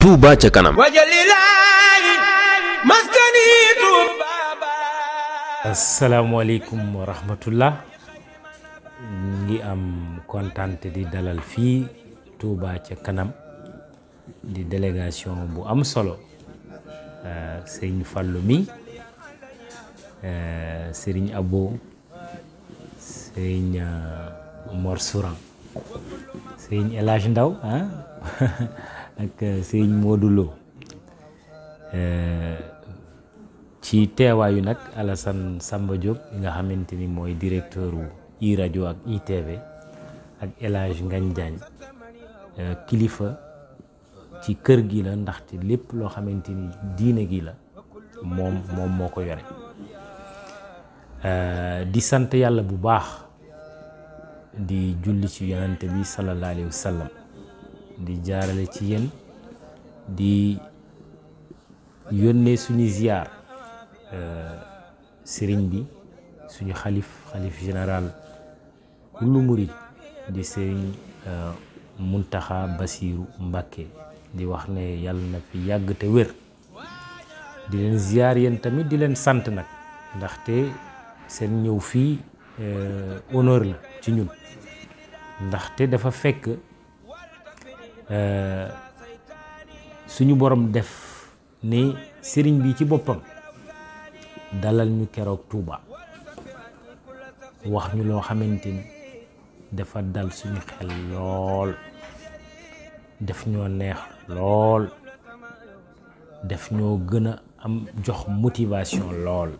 Touba ca kanam wajalilaahi maskani Touba asalaamaaleykum wa rahmatullah ngi am kontaan di dalal fii Touba ca kanam di délégation bu am solo euh, sëriñ Fàllu mi euh, sëriñ Abo sëriñ euh, Mor sëriñ El Ndaw ah ak eh, sëriñ Modou eh, ci teewaayu nag Alassane Samba Diop nga xamante ni mooy directeur i rajo ak ITV ak El Hadj Ngagne eh, kilifa ci kër gi la ndaxte lépp loo xamante ni diine gi la moom moom moo ko yore di sant yàlla bu baax di julli ci yonante bi sallallahu alayhi wa di jaarale ci yéen di yónnee suñu ziyaar euh, sëriñ bi suñu xalif xalif général lu murit di sëriñ euh, Muntaxa Basiiru Mbàkke di wax ne yàlla na fi yàgg te wér di leen ziyaar yéen tamit di leen sant nag ndaxte seen ñëw fii Euh, honneur la ci ñun ndaxte dafa fekk euh, suñu borom def ni sëriñ bi ci boppam dalal ñu keroog Touba wax ñu loo xamante ni dafa dal suñu xel lool def ñoo neex lool def ñoo gën a am jox motivation lool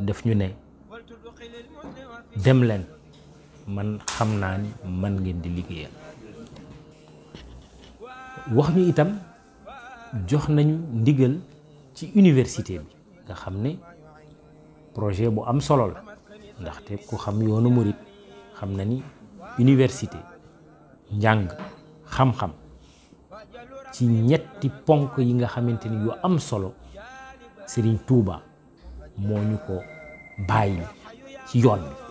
def ñu ne dem leen man xam naa ni man ngeen di liggéeyal wax ñu itam jox nañu ndigal ci université bi nga xam ne projet bu am solo la ndaxte ku xam yoonu murit xam na ni université njàng xam-xam ci ñetti ponk yi nga xamante ni yu am solo Serigne Touba moo ñu ko bàyyi ci yoon bi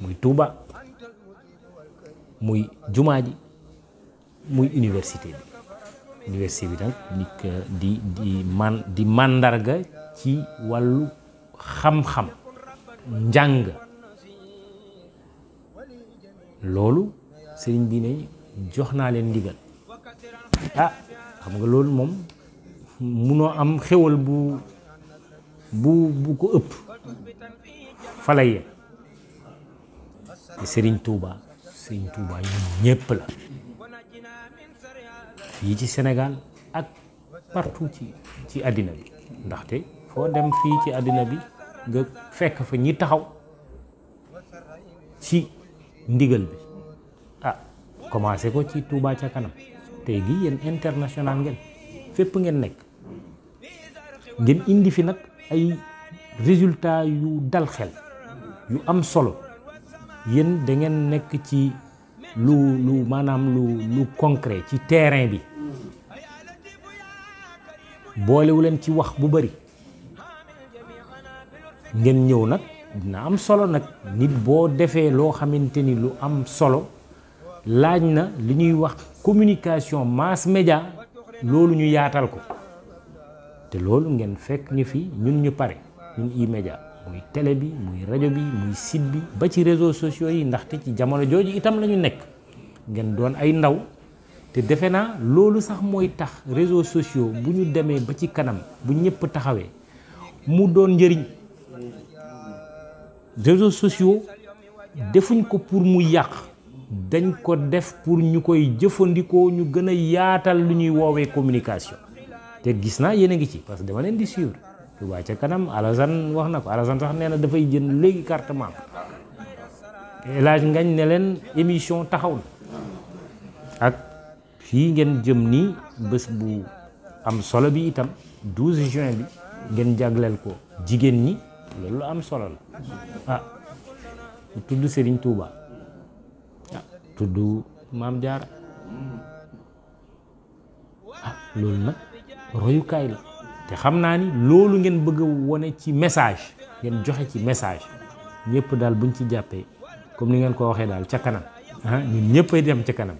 muy tuuba muy jumaa ji muy université bi université bi nag nik di di di màndarga ci wàllu xam-xam njàng loolu sëriñ bi ne jox naa leen ndigal ah xam nga loolu moom munoo am xéwal bu bu bu ko ëpp fa la Serigne Touba Serigne Touba ñun la fii ci senegal ak partout ci ci àddina bi ndaxte foo dem fii ci àddina bi nga fekk fa ñi taxaw ci ndigal bi ah commencé ko ci Touba ca kanam te gi yéen international ngeen fépp ngeen nekk ngeen indi fi nag ay résultat yu dal xel yu am solo. yéen dangeen nekk ci lu lu maanaam lu lu concret ci terrain bi boolewu leen ci wax bu bari ngeen ñëw nag dina am solo nag nit boo defee loo xamante ni lu am solo laaj na li ñuy wax communication mass média loolu ñu yaatal ko te loolu ngeen fekk ñu fi ñun ñu pare ñun E-Media muy télé bi muy rajo bi muy site bi ba ci réseau sociaux yi ndaxte ci jamono jooju itam la ñu nekk ngeen doon ay ndaw te defe naa loolu sax mooy tax réseau sociaux bu ñu demee ba ci kanam bu ñëpp taxawee mu doon njëriñ réseaux sociaux defuñ ko pour mu yàq dañ ko def pour ñu koy jëfandikoo ñu gën a yaatal lu ñuy woowee communication te gis naa yéen a ngi ci parce que dama leen di suivre Touba ca kanam Alassane wax na ko Alassane sax nee na dafay jënd léegi carte membre laaj ngañ ne leen émission taxaw na ak fii ngeen jëm nii bés bu am solo bi itam 12 juin bi ngeen jagleel ko jigéen ñi loolu am solo la ah tudd Serigne Touba ah, tudd Maam Jaara ah loolu nag royukaay la te xam naa ni loolu ngeen bëgg wone ci message ngeen joxe ci message ñëpp daal buñ ci jàppee comme ni ngeen ko waxee daal ca kanam ah ñun ñëppay dem ca kanam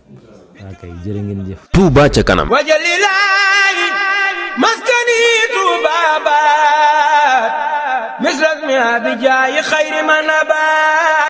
ok jërë ngeen jëf. Touba ca kanam. wajalilaay maskani Touba baat misras mi abijaayi xayri ma nabaat